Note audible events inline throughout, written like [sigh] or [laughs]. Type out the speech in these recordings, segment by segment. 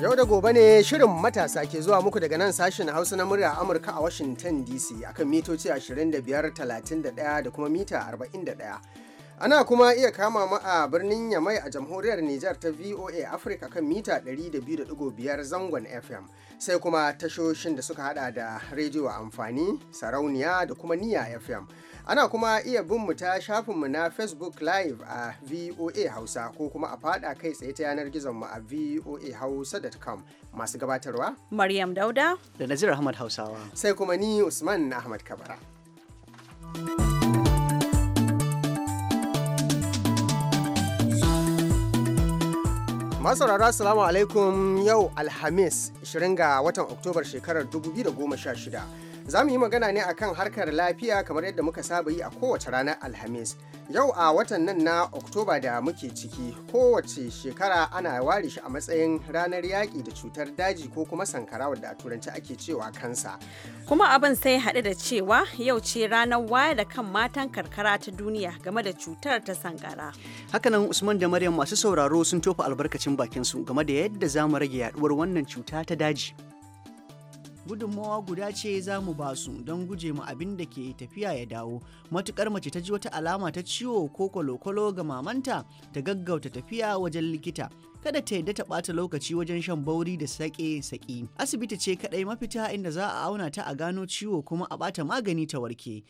Yau da gobe ne shirin matasa ke zuwa muku daga nan sashen Hausa na murya Amurka a Washington DC akan mitoci 25, 31 da kuma mita 41. Ana kuma iya kama mu a birnin Yamai a jamhuriyar Nijar ta VOA Africa kan mita 102.5 zangon FM sai kuma tashoshin da suka hada da rediyo a amfani sarauniya da kuma niya fm ana kuma iya bin mu ta shafinmu na facebook live a voa hausa ko kuma a fada kai tsaye ta yanar gizon mu a voa hausa.com masu gabatarwa maryam dauda da nazir ahmad hausawa sai kuma ni usman ahmad kabara thank Masaurara salamu alaikum yau Alhamis 20 ga watan Oktobar shekarar 2016. Za mu yi magana ne akan harkar lafiya kamar yadda muka saba yi a kowace ranar Alhamis. Yau a watan nan na Oktoba da muke ciki kowace shekara ana ware shi a matsayin ranar yaƙi da cutar daji ko kuma sankara wadda a turanci ake cewa kansa. Kuma abin sai haɗu da cewa yau ce ranar waya da kan matan karkara ta duniya game da cutar ta sankara. Haka nan, Usman da Maryam masu sauraro sun tofa albarkacin bakinsu game da yadda za mu rage yaɗuwar wannan cuta ta daji. gudunmawa guda ce za mu ba su don guje mu abin da ke tafiya ya dawo matukar mace ta ji wata alama ta ciwo ko kwalokwalo ga mamanta ta gaggauta tafiya wajen likita kada ta yadda ta bata lokaci wajen shan bauri da sake saki asibiti ce kadai mafita inda za a auna ta a gano ciwo kuma a bata magani ta warke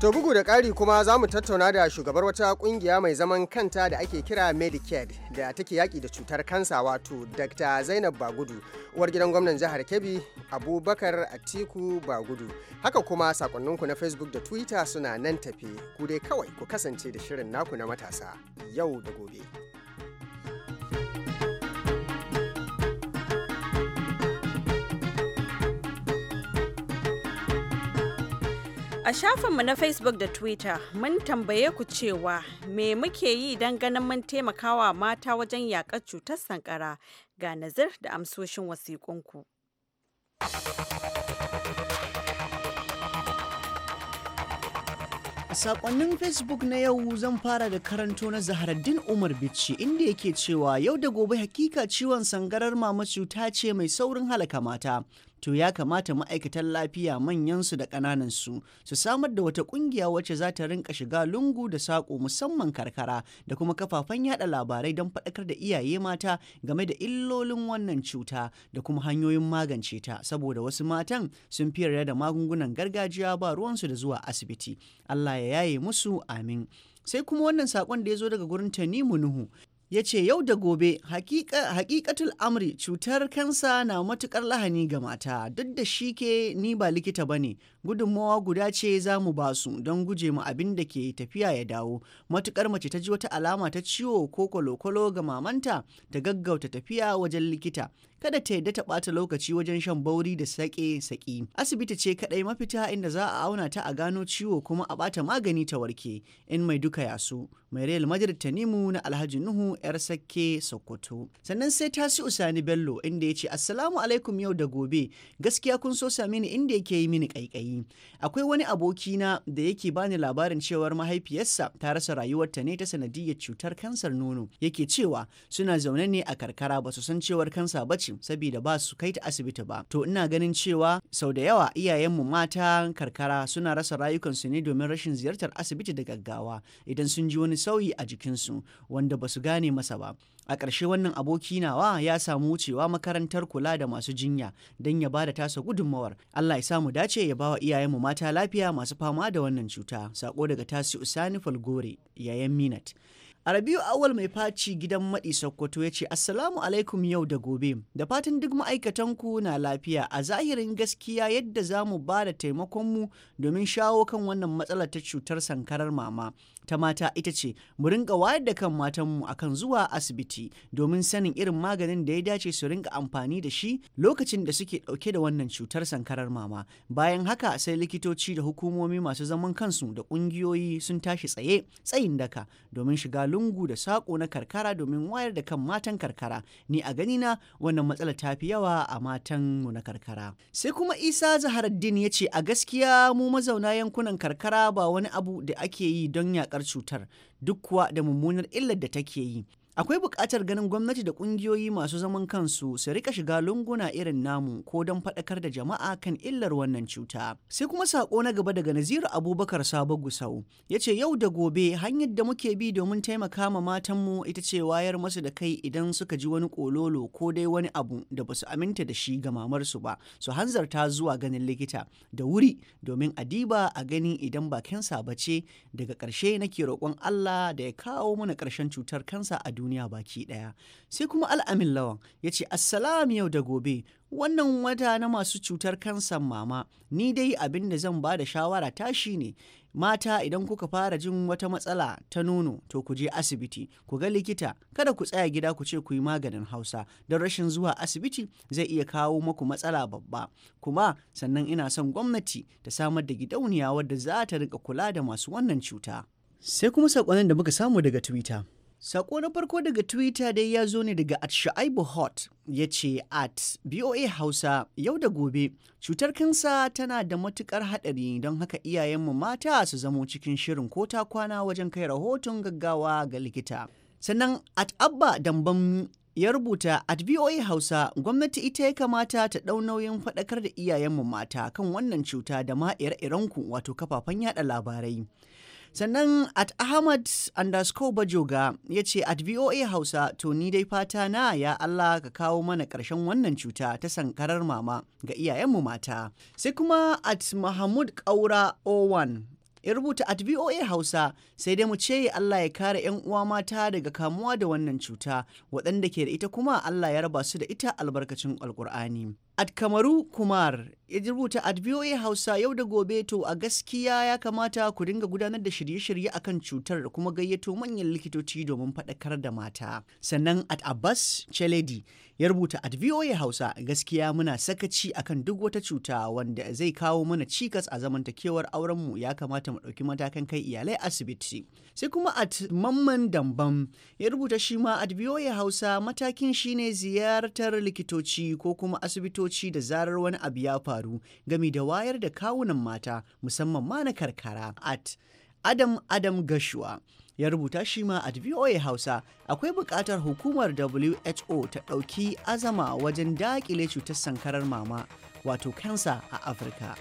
To bugu da ƙari kuma za mu tattauna da shugabar wata ƙungiya mai zaman kanta da ake kira Medicaid da take yaƙi da cutar kansa wato Dr. Zainab Bagudu, uwar gidan gwamnan jihar Kebbi, Abubakar Atiku Bagudu. Haka kuma sakonninku na Facebook da Twitter suna nan tafe, ku dai kawai ku kasance da shirin naku na matasa yau da gobe. A shafinmu na Facebook da Twitter mun tambaye ku cewa me muke yi don ganin mun taimakawa mata wajen yakar cutar sankara ga nazir da amsoshin wasiƙunku. A saƙonnin Facebook na yau zan fara da karanto na Zaharaddin Umar Bicci inda yake cewa yau da gobe hakika ciwon sangarar mama cuta ce mai saurin halaka mata to ya kamata ma'aikatan lafiya manyan su da ƙananansu su samar da wata ƙungiya wacce za ta rinka shiga lungu da saƙo musamman karkara da kuma kafafen yada labarai don faɗakar da iyaye mata game da illolin wannan cuta da kuma hanyoyin magance ta saboda wasu matan sun fi yarda da magungunan gargajiya ba ruwansu da zuwa asibiti Allah ya yaye musu amin sai kuma wannan sakon da ya zo daga gurin Tanimu Nuhu ya ce yau da gobe hakikatul amri cutar kansa na matukar lahani ga mata duk da shi ke ni ba likita ba ne gudunmawa guda ce za mu ba su don guje mu abin da ke tafiya ya dawo matukar mace ta ji wata alama ta ciwo ko kwalokwalo ga mamanta ta gaggauta tafiya wajen likita kada ta yadda ta bata lokaci wajen shan bauri da sake saki asibiti ce kadai mafita inda za a auna ta a gano ciwo kuma a bata magani ta warke in mai duka ya mai real madrid nimu na alhaji nuhu yar sake sokoto sannan sai tasi usani bello inda ya ce assalamu alaikum yau da gobe gaskiya kun so same ni inda yake yi mini kaikayi yi akwai wani abokina da yake bani labarin cewar mahaifiyarsa ta rasa rayuwarta ne ta sanadiyar cutar kansar nono yake cewa suna zaune ne a karkara ba su san cewar kansa ba ce saboda ba su kai ta asibiti ba to ina ganin cewa sau da yawa iyayenmu mata karkara suna rasa rayukansu ne domin rashin ziyartar asibiti da gaggawa idan sun ji wani sauyi a jikinsu wanda ba su gane masa ba a ƙarshe wannan aboki nawa ya samu wucewa makarantar kula da masu jinya don ya ba da tasa gudunmawar allah ya samu dace ya bawa iyayenmu mata lafiya masu fama da wannan cuta sako daga tasi usani falgore yayan minat a rabiu awal mai faci gidan maɗi sokoto ya ce assalamu alaikum yau da gobe da fatan duk ma'aikatanku na lafiya a zahirin gaskiya yadda za mu ba da taimakonmu domin shawo kan wannan matsalar ta cutar sankarar mama ta mata ita ce mu rinka wayar da kan matanmu akan zuwa asibiti domin sanin irin maganin da ya dace su rinka amfani da shi lokacin da suke dauke da wannan cutar sankarar mama bayan haka sai likitoci da hukumomi masu zaman kansu da ƙungiyoyi sun tashi tsaye tsayin daka domin shiga lungu da sako na karkara domin wayar da kan matan karkara ni a gani na wannan matsala ta fi yawa a matan mu na karkara sai kuma isa zaharaddin ya ce a gaskiya mu mazauna yankunan karkara ba wani abu da ake yi don yakar cutar duk kuwa da mummunar illar da take yi Akwai buƙatar ganin gwamnati da ƙungiyoyi masu zaman kansu su rika shiga lunguna irin namu ko don faɗakar da jama'a kan illar wannan cuta. Sai kuma saƙo na gaba daga Naziru Abubakar Sabo Gusau ya ce yau da gobe hanyar da muke bi domin taimaka ma matanmu ita ce wayar masu da kai idan suka ji wani kololo ko dai wani abu da basu aminta da shi ga mamarsu ba su hanzarta zuwa ganin likita da wuri domin a diba a gani idan ba kansa ba ce daga ƙarshe nake roƙon Allah da ya kawo mana ƙarshen cutar kansa a duniya baki ɗaya. Sai kuma al'amin lawan ya ce, Assalam yau da gobe, wannan wata na masu cutar kansan mama, ni dai abin da zan ba da shawara ta shi ne, mata idan kuka fara jin wata matsala ta nono to ku je asibiti ku ga likita kada ku tsaya gida ku ce ku yi maganin hausa don rashin zuwa asibiti zai iya kawo maku matsala babba kuma sannan ina son gwamnati ta samar da gidauniya wadda za ta rika kula da masu wannan cuta sai kuma saƙonin da muka samu daga twitter Sako na farko daga Twitter dai ya zo ne daga at Hot ya ce at BOA Hausa yau da gobe cutar kansa tana da matukar haɗari don haka iyayenmu mata su zamo cikin shirin ko ta kwana wajen kai rahoton gaggawa ga likita. Sannan at Abba Damban ya rubuta at BOA Hausa gwamnati ita ya kamata ta ɗau nauyin faɗakar da iyayenmu mata kan wannan cuta da ma ire-irenku wato kafafen yada labarai. sannan at ahmad underscore bajoga ya ce at voa hausa to ni dai fata na ya allah ka kawo mana ƙarshen wannan cuta ta sankarar mama ga iyayenmu mata sai kuma at mahmud kaura 01 ya rubuta at voa hausa sai dai mu ce allah ya kare 'yan uwa mata daga kamuwa da wannan cuta waɗanda ke da ita kuma allah ya raba su da ita albarkacin alkur'ani at kamaru kumar ya rubuta at voa hausa yau da gobe to a gaskiya ya kamata ku dinga gudanar da shirye-shirye akan cutar da kuma gayyato manyan likitoci domin faɗakar da mata sannan at abbas cheledi ya rubuta at voa hausa gaskiya muna sakaci akan duk wata cuta wanda zai kawo mana cikas a zamantakewar aurenmu ya kamata mu ɗauki matakan kai iyalai asibiti sai kuma at mamman dambam ya rubuta shi ma at voa hausa matakin shine ziyartar likitoci ko kuma asibitoci likitoci da zarar wani abu ya faru gami da wayar da kawunan mata musamman ma na karkara at adam adam gashuwa ya rubuta shi ma at voa hausa akwai buƙatar hukumar who ta ɗauki azama wajen daƙile cutar sankarar mama wato kansa a afirka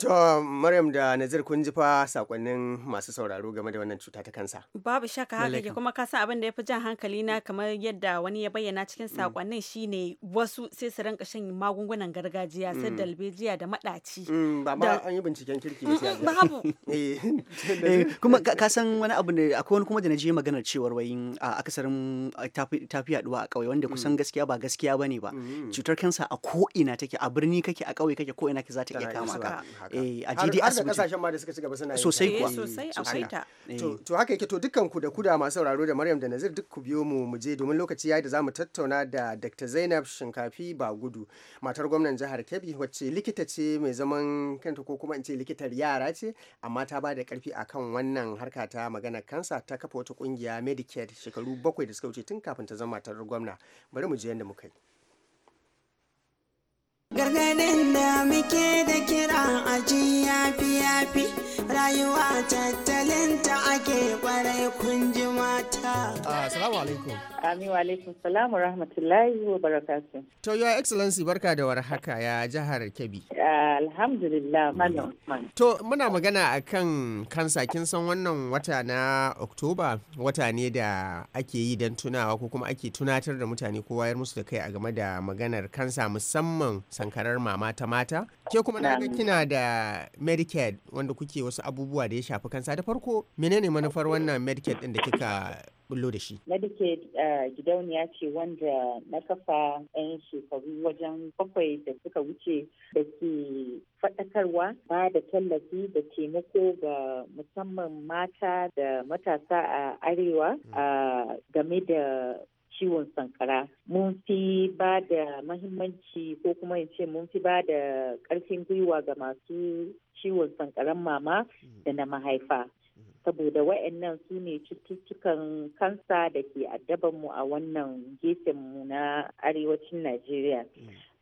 To Maryam da Nazir kun ji fa sakonnin masu sauraro game da wannan cuta ta kansa. Babu shaka haka ke kuma ka san abin da ya fi jan hankali na kamar yadda wani ya bayyana cikin mm. sakonnin shine wasu sai su rinka shan magungunan gargajiya sai mm. dalbejiya da madaci. Mm, ba ma an yi binciken kirki ba sai Babu. [laughs] Eh. [laughs] Eh, kuma ka san wani abu da akwai wani kuma da na je maganar cewar wai akasarin tafiya yaduwa a kauye wanda kusan gaskiya ba gaskiya bane ba. Cutar kansa a ko ina take a birni kake a kauye kake ko ina za ta iya kama ka. Eh, a jidi asibiti har kasashen ma da suka ci gaba suna yi sosai kuwa eh, sosai ta eh. to haka yake to dukkan ku da ku da masu sauraro da Maryam da Nazir duk ku biyo mu mu je domin lokaci yayi da zamu tattauna da Dr. Zainab Shinkafi ba gudu matar gwamnan jihar Kebbi wacce likita ce mai zaman kanta ko kuma in ce likitar yara ce amma ta ba da karfi akan wannan harka ta magana kansa ta kafa wata kungiya Medicare shekaru bakwai da suka wuce tun kafin ta zama matar gwamna bari mu je yadda muka yi Gargaɗin da muke da kira a yafi yafi rayuwa tattalin ta ake kwarai kun mata. Assalamu ah, alaikum. Amin wa alaikum salamu rahmatullahi wa barakatu. To your excellency barka da warhaka ya jihar Kebbi. Alhamdulillah malam. To muna magana kansa kin san wannan wata na Oktoba wata ne da ake yi don tunawa ko kuma ake tunatar da mutane ko wayar musu da kai a game da maganar kansa musamman sankarar mama ta mata ke kuma na ga kina da medicaid wanda kuke wasu abubuwa da ya shafi kansa da farko menene manufar wannan medicaid din da kika bullo da shi medicaid uh, gidauniya ce wanda na kafa 'yan shekaru wajen bakwai da suka wuce da ke faɗakarwa ba da tallafi da taimako ga musamman mata da matasa a arewa mm. uh, game da ciwon sankara mun fi ba da mahimmanci ko kuma in ce mun fi ba da ƙarfin gwiwa ga masu ciwon sankaran mama da na mahaifa saboda wa'annan su ne cututtukan kansa da ke mu a wannan mu na arewacin najeriya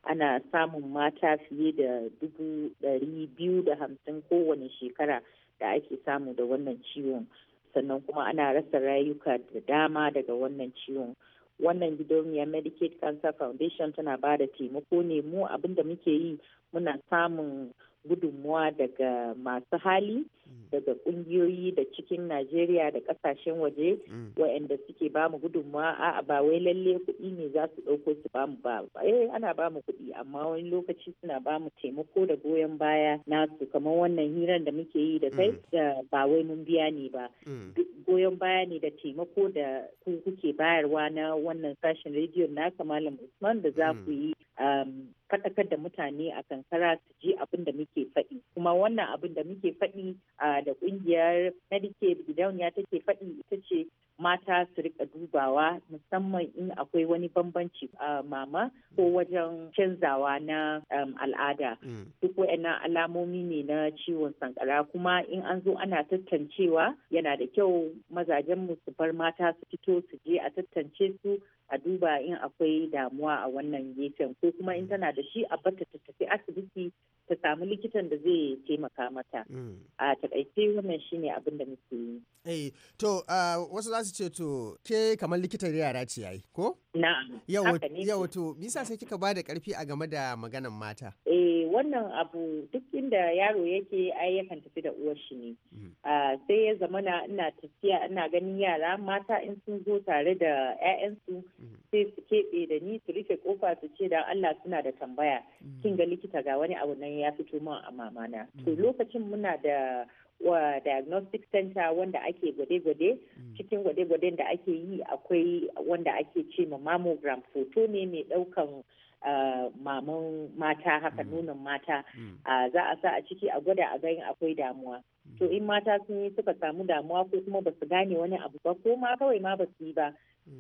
ana samun mata fiye da dubu ɗari biyu da hamsin kowane shekara da ake samu da wannan ciwon sannan kuma ana rasa rayuka da dama daga wannan ciwon wannan gidauniyar medicaid cancer foundation tana ba da taimako ne mu da muke yi muna samun gudunmuwa daga masu hali daga kungiyoyi da cikin Najeriya da kasashen waje mm. waɗanda suke ba mu gudunmawa a ba wai lalle kuɗi ne za su ɗauko su ba mu ba eh ana ba mu kuɗi amma wani lokaci suna ba mu taimako da goyon baya nasu kamar wannan hirar da muke yi da kai mm. da ba wai mun biya ne ba mm. goyon baya ne da taimako da ku kuke bayarwa na wannan sashen rediyon na malam Usman da za ku yi um, faɗakar da mutane a kankara su ji abin da muke faɗi kuma wannan abin da muke faɗi da ƙungiyar medicaid gidauniya take faɗi ita ce mata su rika dubawa musamman in akwai wani bambanci a mama ko mm. wajen canzawa na um, al'ada mm. duk waɗannan alamomi ne na ciwon sankara kuma in an zo ana tattancewa yana da kyau mazajen su bar mata su fito su je a tattance su a duba in akwai damuwa a wannan gefen ko kuma in mm. tana da shi a bata ta tafi asibiti ta samu likitan da zai taimaka mata mm. a takaice wannan shine abin da muke yi eh to wasu za su ce to ke kamar likitan yara ce yayi ko na'am yau to bisa sai kika ba da karfi a game da maganan mata eh wannan abu duk inda yaro yake ai yakan tafi da uwar shi ne mm. sai ya zamana ina tafiya ina ganin yara mata in sun zo tare da 'ya'yansu mm. sai su keɓe da ni su rufe kofa su ce dan Allah suna da tambaya kin ga likita ga wani abu nan ya fito min a mamana to mm-hmm. lokacin muna da diagnostic center wanda ake gwade-gwade mm-hmm. cikin gwade-gwaden da ake yi akwai wanda ake ce ma mammogram foto ne mai daukan uh, maman mata haka mm-hmm. nuna mata za a sa a ciki a gwada a gani akwai damuwa to in mata sun yi suka samu damuwa ko kuma ba su gane wani abu ba ko ma kawai ma ba su yi ba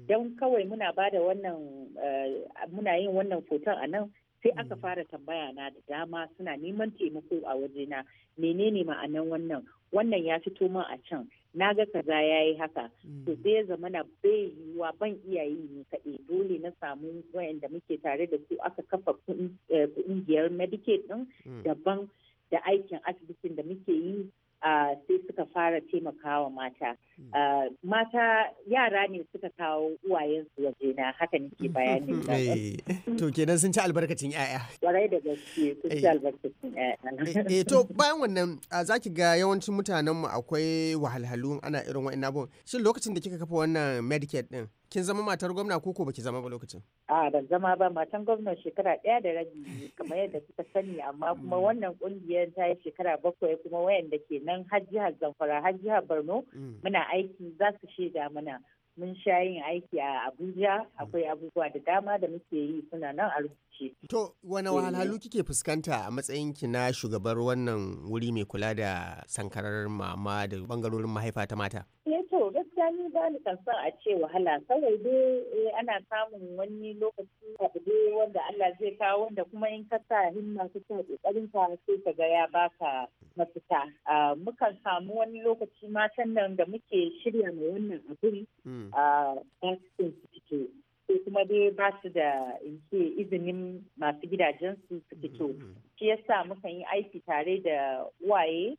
don kawai muna ba da wannan uh, muna yin wannan foton a nan sai aka mm. fara tambaya na da dama suna neman taimako a wajena menene ma'anan wannan wannan ya fito min a can na ga kaza ya yi haka mm. to sai ya zama na bai yiwuwa ban iya ne kaɗai dole na samu wayanda muke tare da su aka kafa kungiyar eh, medicaid din mm. daban da aikin asibitin da muke yi sai suka fara taimakawa mata. Hmm. Mata yara ne suka kawo uwayensu waje na haka nake bayanin [laughs] eh, To kenan sun ci albarkacin 'ya'ya. Warai da gaske sun ci eh. albarkacin 'ya'ya. Eh, to bayan wannan za ki ga yawancin mutanenmu akwai wahalhalu ana irin wa'in abun. Shin lokacin da kika kafa wannan Medicaid din kin zama matar gwamna ko ko baki zama ba lokacin a ban zama ba matan gwamna shekara ɗaya da rabi kamar yadda kuka sani amma kuma mm. wannan ƙungiyar ta yi shekara bakwai kuma wayanda ke nan har jihar zamfara har jihar borno mm. muna aiki za su shaida mana mun sha yin aiki a abuja akwai abubuwa da dama da muke yi suna nan a rubuce to wani wahalhalu eh. kike fuskanta a matsayin ki na shugabar wannan wuri mai kula da sankarar mama da bangarorin mahaifa ta mata ya eh to gaskiya ni ba ni kan a ce wahala kawai dai eh, ana samun wani lokaci abu dai wanda Allah zai kawo wanda kuma in ka sa himma ka sa kokarin ka sai ka ga ya baka mafita ah, mukan samu wani lokaci matan nan da muke shirya mai wannan abin a fito ko kuma dai ba su da in ce izinin masu gidajensu su fito hmm, hmm, hmm. shi yasa mukan yi aiki tare da uwaye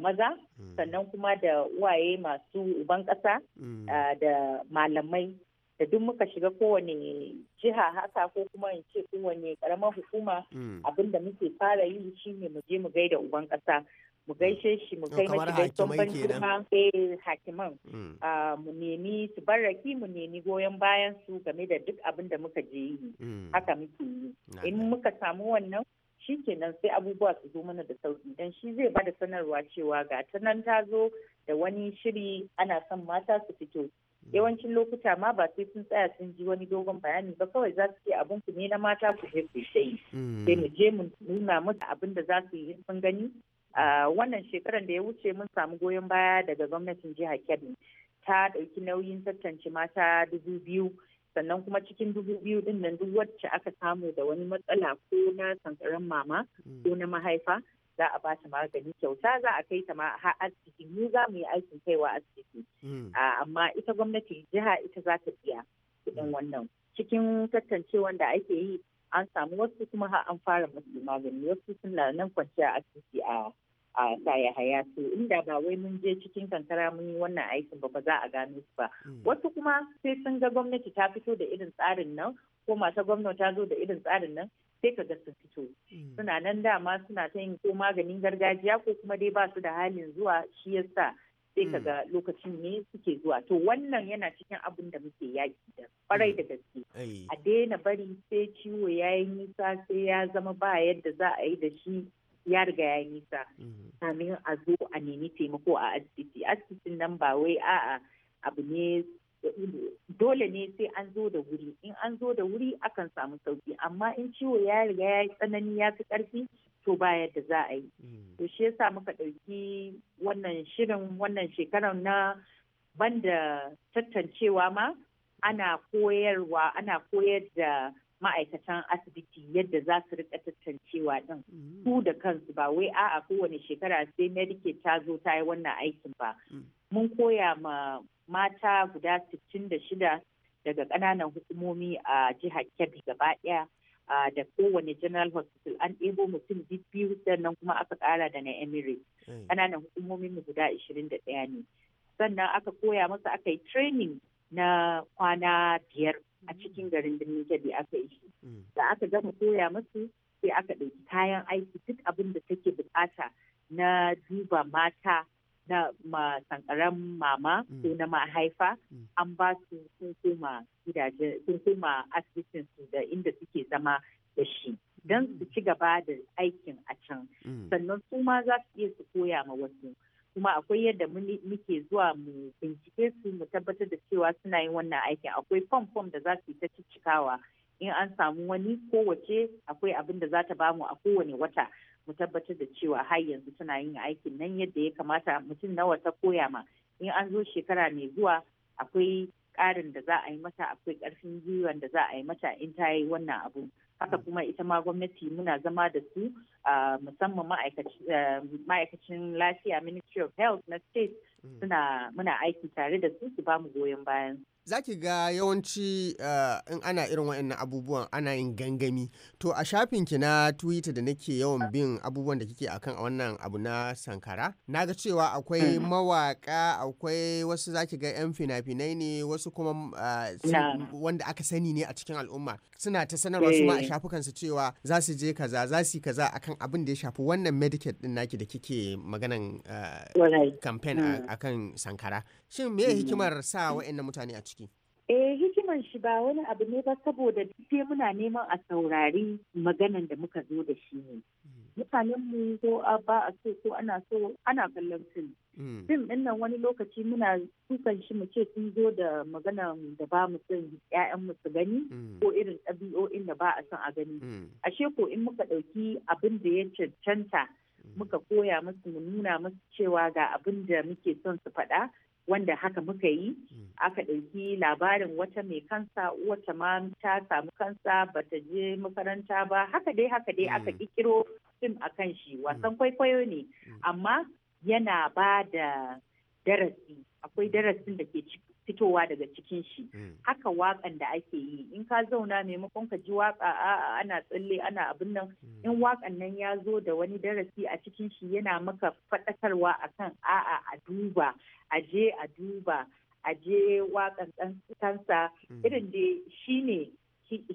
maza hmm. sannan kuma da uwaye masu uban ƙasa hmm. da malamai da duk muka shiga kowane jiha haka ko kuma in ce kowane karamar hukuma hmm. abinda muke fara yi shine mu je mu gaida uban ƙasa mu gaishe shi mu kai mashi gaison ban girma eh, hakiman mu nemi su barraki mu nemi goyon bayan su game da duk abinda muka je yi haka muke yi in muka samu wannan shi kenan sai abubuwa su zo mana da sauki dan shi zai bada sanarwa cewa ga ta nan ta zo da wani shiri ana son mata su fito yawancin lokuta ma ba sai sun tsaya sun ji wani dogon bayani ba kawai za su ce abin ne na mata ku je ku sai hmm. sai mu je mu nuna musu abin da za su yi sun gani wannan shekaran da ya wuce mun samu goyon baya daga gwamnatin jihar Kebbi ta ɗauki nauyin tantance mata dubu biyu sannan kuma cikin dubu biyu din nan duk wacce aka samu da wani matsala ko na sankaran mama hmm. ko na mahaifa za a ba ta magani kyauta za a kai ta ma har asibiti mu za mu yi aikin kaiwa asibiti hmm. amma ita gwamnati jiha ita za ta biya kuɗin hmm. wannan cikin tantancewan da ake yi an samu wasu kuma har an fara musu magani wasu suna nan kwanciya asibiti a a saya hayatu inda ba wai mun je cikin kankara mun yi wannan aikin ba ba za a gano su ba hmm. wasu kuma sai sun ga gwamnati ta fito da irin tsarin nan ko mata gwamnati ta zo da irin tsarin nan sai ka ga sun fito hmm. suna nan dama suna ta yin ko maganin gargajiya ko kuma dai ba su da halin zuwa shi yasa sai ka hmm. ga lokacin ne suke zuwa to wannan yana cikin abin da muke yaki da kwarai da gaske a daina bari sai ciwo ya yi nisa sai ya zama ba yadda za a yi da shi ya riga ya nisa mm-hmm. kamin a zo a nemi taimako a asibiti asibitin nan ba wai a'a abu ne dole ne sai an zo da wuri in an zo da wuri akan samu sauki amma in ciwo ya riga ya tsanani ya fi karfi to ba yadda za a yi mm-hmm. to shi yasa muka ɗauki wannan shirin wannan shekarar na banda tantancewa ma ana koyarwa ana koyar da ma'aikatan asibiti yadda za su rika tantancewa din mm. su da kansu ba wai a'a kowane shekara sai medike ta zo ta yi wannan aikin ba mm. mun koya ma mata guda 66 daga kananan hukumomi a jihar kebbi gaba ɗaya da kowane general hospital an ɗebo mutum biyu sannan kuma aka ƙara da na emirates mm. ƙananan hukumomi mu guda 21 ne sannan aka koya masa aka yi training na kwana biyar a cikin garin birnin kebbi aka yi shi mm. da aka gama koya masu sai aka ɗauki kayan aiki duk abin da take bukata na duba mata na ma sankaran mama mm. ko na mahaifa mm. an ba su sun koma sun koma asibitin su da inda suke zama da shi don su ci gaba da aikin a can sannan su ma za su iya su koya ma wasu kuma akwai yadda muke zuwa mu bincike su mu tabbatar da cewa suna yin wannan aikin akwai fom fom da za su yi ta ciccikawa in an samu wani kowace akwai abin da za ta bamu a kowane wata mu tabbatar da cewa har yanzu suna yin aikin nan yadda ya kamata mutum nawa ta koya ma in an zo shekara mai zuwa akwai ƙarin da za a yi mata akwai ƙarfin gwiwan da za a yi mata in ta yi wannan abu haka kuma ita ma gwamnati muna zama da su musamman ma'aikacin lafiya ministry of health na state mm. suna muna aiki tare da su su bamu goyon bayan za ki ga yawanci eh, in ana irin waɗannan abubuwan ana yin gangami to a shafin ki na twitter da nake yawan bin abubuwan da kike akan a wannan abu na sankara na ga cewa akwai mm. mawaka akwai wasu za ki ga 'yan fina-finai ne wasu kuma eh, wanda aka sani ne a cikin al'umma suna ta sanarwa su ma a eh. shafukansu cewa za su je kaza za su yi kaza akan abin da ya shafi wannan medicaid din naki da kike maganan campaign akan mm. sankara shin me hikimar mm. sa wa'annan mutane a ciki Eh hikimar shi ba wani abu ne ba saboda sai muna neman a saurari maganan da muka zo da shi ne. Mm. Mutanen mu ko ba a so ko ana so ana kallon fim. Mm. Fim din nan wani lokaci muna tukan shi mu ce sun zo da maganan da ba mu son ƴaƴan mu su gani ko irin ɗabi'o'in da ba a son a gani. Ashe ko in muka ɗauki abin da ya cancanta muka koya musu mu nuna musu cewa ga abin da muke son su faɗa wanda haka muka yi mm. aka ɗauki labarin wata mai kansa wata ma ta samu kansa ba ta je makaranta ba haka dai haka dai aka mm. ƙirƙiro fim a kan shi mm. wasan kwaikwayo ne amma yana ba da darasi akwai darasin da ke ciki fitowa daga cikin shi mm. haka waƙan da ake yi in ka zauna maimakon ka ji waka ana tsalle ana abin nan mm. in wakan nan ya zo da wani darasi a cikin shi yana maka faɗakarwa akan a'a a duba a je a duba a je wakan kansa mm. irin da shi ne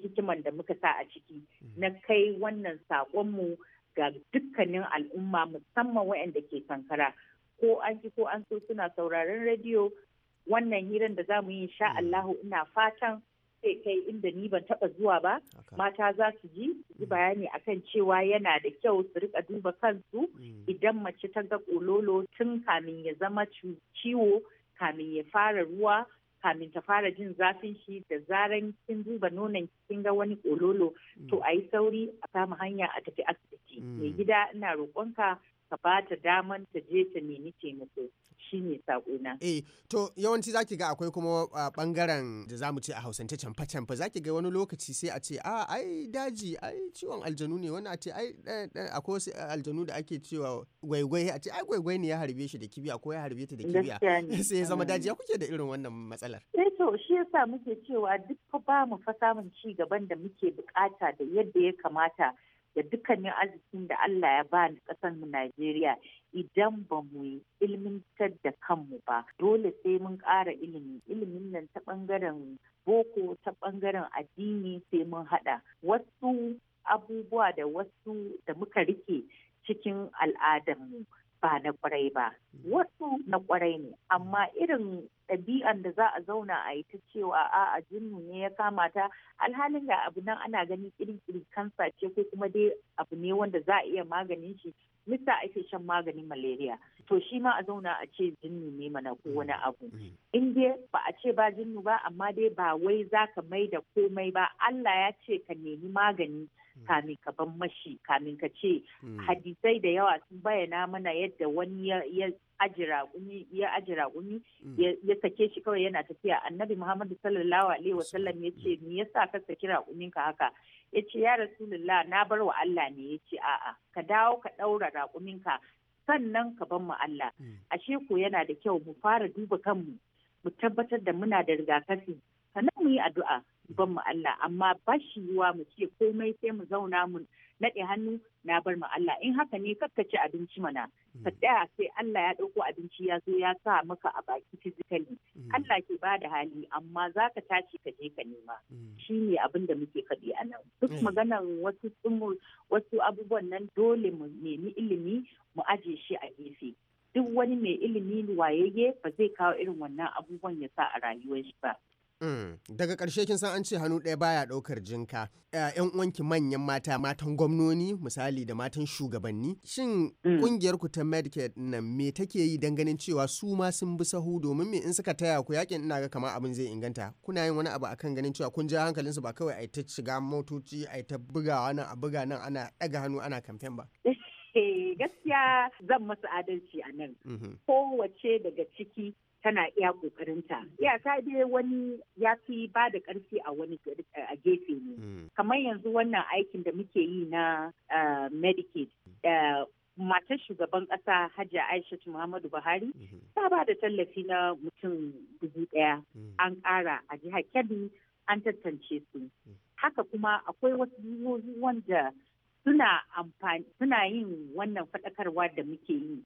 hikiman da muka sa a ciki na kai wannan saƙonmu ga dukkanin al'umma musamman waɗanda ke kankara ko an ki ko an so suna sauraron rediyo wannan hirar da za mu yi sha mm. Allahu ina fatan sai kai inda ni ban taba zuwa ba mata za su ji ji mm. bayani akan cewa yana da kyau su rika duba kansu mm. idan mace ta ga kololo tun kamin ya zama ciwo kamin ya fara ruwa kamin ta fara jin zafin shi da zaran kin duba nonon kin ga wani kololo to a yi sauri a kama hanya a tafi asibiti mai gida ina roƙonka ka ba ta daman ta je ta nemi taimako shi ne saƙona. Eh, to yawanci za ki ga akwai kuma ɓangaren da za mu ce a hausance canfa-canfa za ki ga wani lokaci sai a ce a ah, ai daji ai ciwon aljanu ne wani a ce ai akwai wasu aljanu da ake cewa gwaigwai a ce ai gwaigwai ne ya harbe shi da kibiya ko ya harbe ta da kibiya [laughs] sai ya zama daji ya kuke da irin wannan matsalar. Eh to shi yasa muke cewa duk fa ba mu fa samun ci gaban da muke bukata da yadda ya kamata da dukkanin arzikin da Allah ya ba ni ƙasar mu Najeriya idan ba mu yi ilmintar da kanmu ba dole sai mun ƙara ilimi ilimin nan ta ɓangaren boko ta ɓangaren addini sai mun haɗa wasu abubuwa da wasu da muka rike cikin al'adarmu. mu ba na kwarai ba mm. wasu na kwarai ne amma irin ɗabi'an da za a zauna a yi ta cewa a a jinnu ne ya kama ta alhalin da abu nan ana gani irin irin kansa ce ko kuma dai abu ne wanda za a iya maganin shi misa ake shan maganin malaria to shi ma a zauna a ce jinnu ne mana ko mm. wani abu mm. in dai ba a ce ba jinnu ba amma dai ba wai za ka mai da komai ba Allah ya ce ka nemi magani Mm. kamin ka ban mashi kamin ka ce mm. hadisai da yawa sun bayyana mana yadda wani ya ajira kumi mm. ya sake shi kawai yana tafiya annabi muhammadu sallallahu alaihi wasallam ya ce me yasa ka saki raƙumin ka haka ya ce ya rasulullah na bar wa allah ne ya ce a'a ka dawo ka ɗaura raƙumin ka sannan ka ban mu allah ashe ko yana da kyau mu fara duba kanmu mu tabbatar da muna da rigakafi sannan mu yi addu'a ban mu Allah amma ba shi yiwa mu ce komai sai mu zauna mu naɗe hannu na bar mu Allah in haka ne ka ci abinci mana ka hmm. tsaya sai Allah ya ɗauko abinci ya zo ya sa maka a baki fizikali hmm. Allah ke ba da hali amma za ka tashi ka je ka nema hmm. shi ne abin da muke faɗi a nan duk maganar wasu tsumur wasu abubuwan nan dole mu nemi ilimi mu aje shi a gefe duk wani mai ilimi wayayye ba zai kawo irin wannan abubuwan ya sa a rayuwar shi ba Mm. Daga ƙarshe kin san an ce hannu ɗaya baya ɗaukar jinka. ‘Yan eh, uwanki manyan mata matan gwamnoni misali da matan shugabanni. Shin mm. ƙungiyar ku ta Medicaid nan me take yi don ganin cewa su ma sun bi sahu domin me in suka taya ku yakin ina ga kamar abin zai inganta. Kuna yin wani abu akan ganin cewa kun ja hankalinsu ba kawai a ta shiga motoci a ta buga nan a buga nan ana ɗaga hannu ana kamfen ba. [laughs] Eh, gaskiya zan masu adalci a nan. Mm-hmm. Kowace daga ciki tana iya kokarinta ta dai wani ya fi ba da karfi a wani a gefe ne hmm. kamar yanzu wannan aikin da muke yi na eh, medicaid matar shugaban ƙasa hajji Aisha Muhammadu Buhari hmm. ta ba da tallafi na mutum dubu ɗaya hmm. an ƙara a jihar Kebbi an tantance su. Haka kuma akwai wasu jihohi wanda suna amfani suna yin wannan faɗakarwa da muke yi.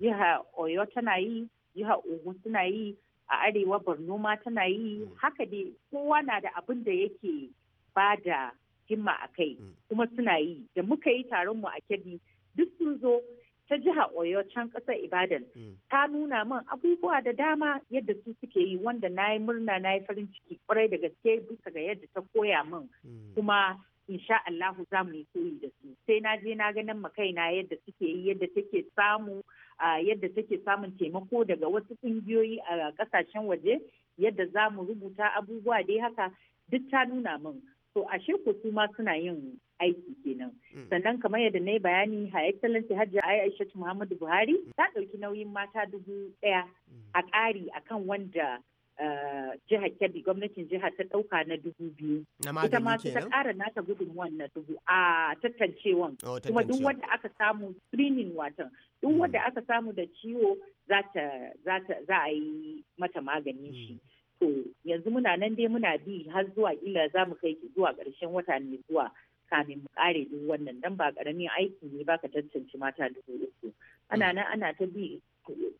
jihar Oyo tana yi, jihar ogun suna yi a arewa borno ma tana yi mm. haka dai kowa na da abin da yake ba da himma a kai mm. kuma suna yi da muka yi taron mu a kebbi duk sun zo ta jiha oyo can kasar ibadan mm. ta nuna min abubuwa da dama yadda su suke yi wanda na yi murna na yi farin ciki kwarai da gaske bisa ga yadda ta koya min kuma insha Allahu za mu yi koyi da su sai na je na ganin makaina yadda suke yi yadda take samu a yadda take samun taimako daga wasu kungiyoyi a kasashen waje yadda za mu rubuta abubuwa dai haka duk ta nuna min to ashe ko su ma suna yin aiki kenan mm. sannan kamar yadda na yi bayani ha excellency hajji aisha muhammadu buhari ta ɗauki nauyin mata dubu ɗaya mm. a ƙari akan wanda Eh, jihar Kebbi gwamnatin jiha ta ɗauka na dubu biyu. Ita ma ta ƙara nata gudunmuwan na dubu a tattancewan oh, Kuma duk wanda aka samu screening watan duk hmm. wanda aka samu da ciwo za a yi mata maganin hmm. shi. To yanzu muna nan dai muna bi har zuwa ila za mu kai zuwa karshen wata ne zuwa kamin mu kare duk wannan dan ba karamin aiki ne ba ka tantance mata dubu uku ana hmm. nan ana ta bi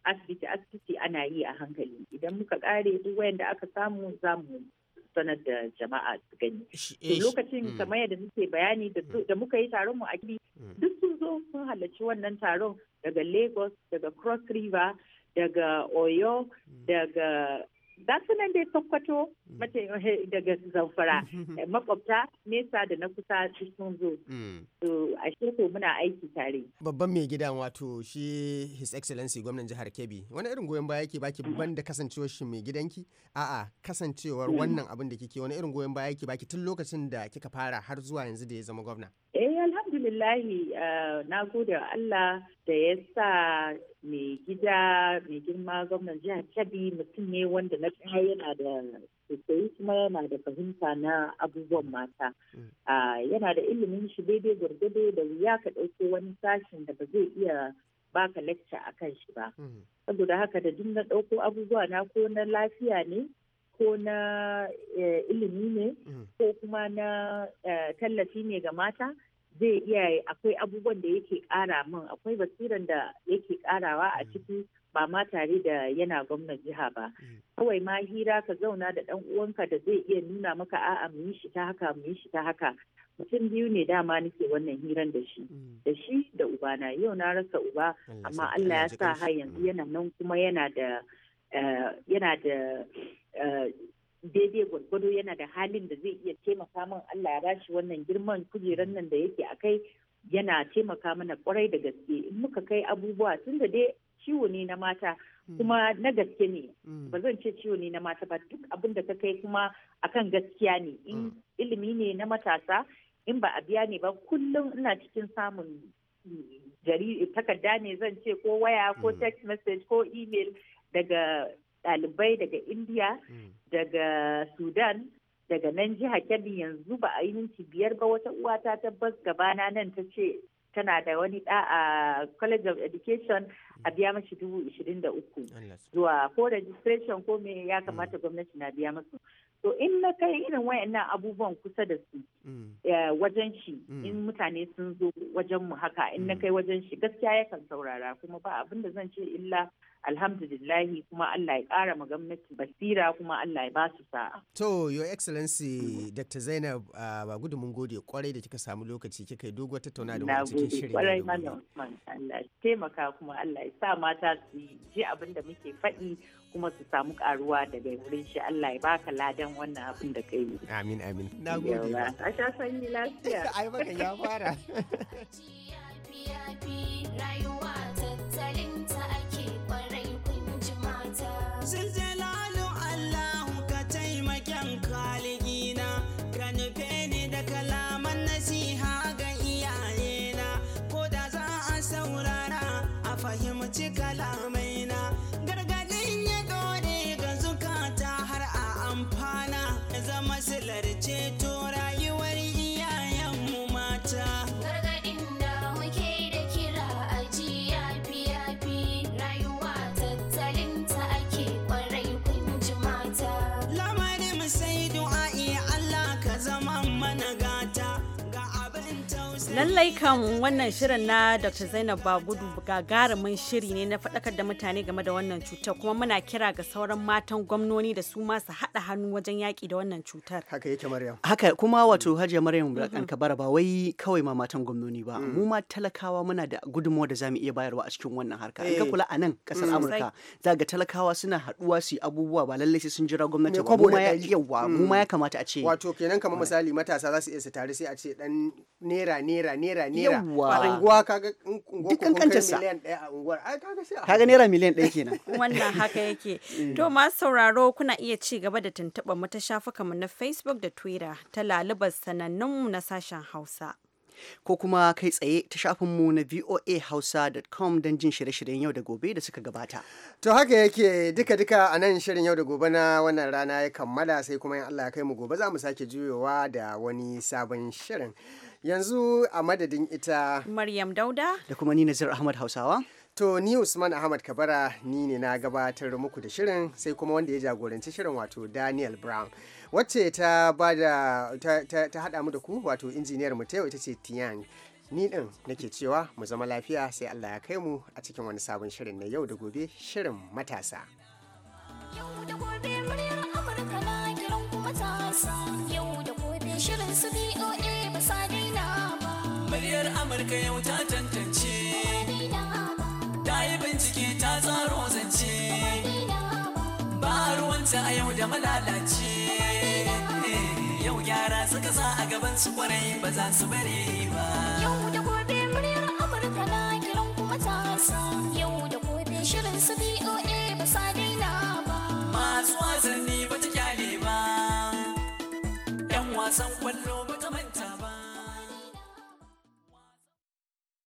asibiti asibiti ana yi a hankali idan muka kare duk wayanda aka samu za mu sanar da jama'a su gani eh, lokacin mm. kamar yadda muke bayani mm. da muka yi taron mu a gibi mm. duk sun zo sun halarci wannan taron daga lagos daga cross river daga oyo daga ga su nan dai sokoto mm. mace daga zamfara [laughs] eh, makwabta nesa da na kusa sun zo mm. a shirko muna aiki tare babban mai gidan wato shi his excellency gwamnan jihar kebbi wani irin goyon baya yake baki mm. ban da kasancewar shi mai gidanki a'a kasancewar wannan abin da kike wani irin goyon baya yake baki tun lokacin da kika fara har zuwa yanzu da ya zama gwamna eh alhamdulillahi na gode wa Allah da ya sa mai gida mai girma gwamnan jihar Kebbi mutum ne wanda na ɗaya yana da sosai kuma yana da fahimta na abubuwan mata. Yana da ilimin shi daidai gwargwado da wuya ka ɗauko wani sashen da ba zai iya baka lecture a kan shi ba. Hmm. Saboda haka da duk na ɗauko abubuwa na ko na lafiya ne ko na eh, ilimi ne hmm. ko kuma na eh, tallafi ne ga mata. zai iya akwai abubuwan da yake kara min akwai basiran da yake karawa a mm. ciki ba ma tare da yana gwamnan jiha ba mm. kawai ma hira ka zauna da dan uwanka da zai iya nuna maka a'a mu yi shi ta haka mu yi shi ta haka mutum biyu ne dama nake wannan hiran da shi mm. da shi da ubana yau na rasa uba amma Allah ya sa har yanzu yana nan kuma yana da eh, yana da eh, daidai gwargwado yana da halin da zai iya taimaka min Allah ya bashi wannan girman kujeran nan da yake a kai yana taimaka mana kwarai da gaske in muka kai abubuwa tun da dai ciwo ne na mata mm. kuma na gaske ne mm. ba zan ce ciwo ne na mata ba duk abin da ka kai kuma akan gaskiya ne in mm. ilimi ne na matasa in ba a biya ne ba kullum ina cikin samun takarda ne zan ce ko waya ko text message ko email daga dalibai daga indiya hmm. daga sudan daga nan jiha kebbi yanzu ba a yi minti biyar ba wata uwa ta tabbas gabana nan ta ce tana da wani ɗa a college of education a hmm. biya mashi dubu ishirin da uku zuwa ko registration ko me ya kamata hmm. gwamnati na biya masu to in na kai irin wayannan abubuwan kusa da su wajen shi in mutane sun zo wajen mu haka in na kai wajen shi gaskiya yakan saurara kuma ba abin zan ce illa alhamdulillahi kuma Allah ya ƙara ma gwamnati basira kuma Allah ya ba su sa'a. To your excellency Dr. Zainab ah, ba gudu mun gode kwarai da kika samu lokaci kika yi doguwar tattauna da mu cikin shirin. Kwarai mana Allah ya taimaka kuma Allah ya sa mata su ji abin da muke faɗi kuma su samu karuwa daga wurin shi Allah ya baka ladan wannan abin da kai. Amin amin. Na gode. A sha sanyi lafiya. [laughs] Ai baka ya fara. Rayuwa [laughs] [laughs] tattalin lallai kan wannan shirin na dr zainab bagudu gagarumin shiri ne na faɗakar da mutane game da wannan cutar kuma muna kira ga sauran matan gwamnoni da su ma su haɗa hannu wajen yaƙi da wannan cutar haka yake maryam haka kuma wato hajiya maryam kan ka bara ba wai kawai ma matan gwamnoni ba mm. mu ma talakawa muna da gudunmawa da zamu iya bayarwa a cikin wannan harka in ka eh. kula a nan kasar mm. amurka za ga talakawa suna haɗuwa su abubuwa ba lallai sai sun jira gwamnati ba mu mm. ma ya kamata a ce wato kenan kamar misali matasa za su iya su tare sai a ce dan nera nera naira naira naira a unguwa kaga unguwa ko miliyan ɗaya a unguwar ai kaga sai kaga naira miliyan ɗaya kenan [laughs] wannan haka yake eh. to masu sauraro kuna iya ci gaba da tuntuɓar mu ta shafukan mu na Facebook da Twitter ta lalubar sanannun mu na sashen Hausa ko kuma kai tsaye ta shafinmu na voahausa.com don jin shirye-shiryen yau da gobe da suka gabata. To haka yake duka-duka a nan shirin yau da gobe na wannan rana ya kammala sai kuma in Allah ya kai mu gobe za mu sake juyowa da wani sabon shirin. yanzu a madadin ita maryam dauda da kuma ni nazir ahmad hausawa To ni Usman Ahmad Kabara ni ne na gabatar muku da shirin sai kuma wanda ya jagoranci shirin wato Daniel Brown. Wacce ta bada ta, hada mu da ku wato injiniyar mu ta yau ita ce Tian. Ni din nake cewa mu zama lafiya sai Allah ya kai mu a cikin wani sabon shirin na yau da gobe shirin matasa. Yau da gobe muryar Amurka na kiran ku matasa. Yau da gobe shirin su BOA amurka yau ta tantance ta yi bincike ta tsaro zance ba ruwanta a yau da malalace yau gyara suka sa a gaban su kwarai ba za su bare ba yau da gobe muryar amurka na kiran kuma ta yau da gobe shirin su ba sa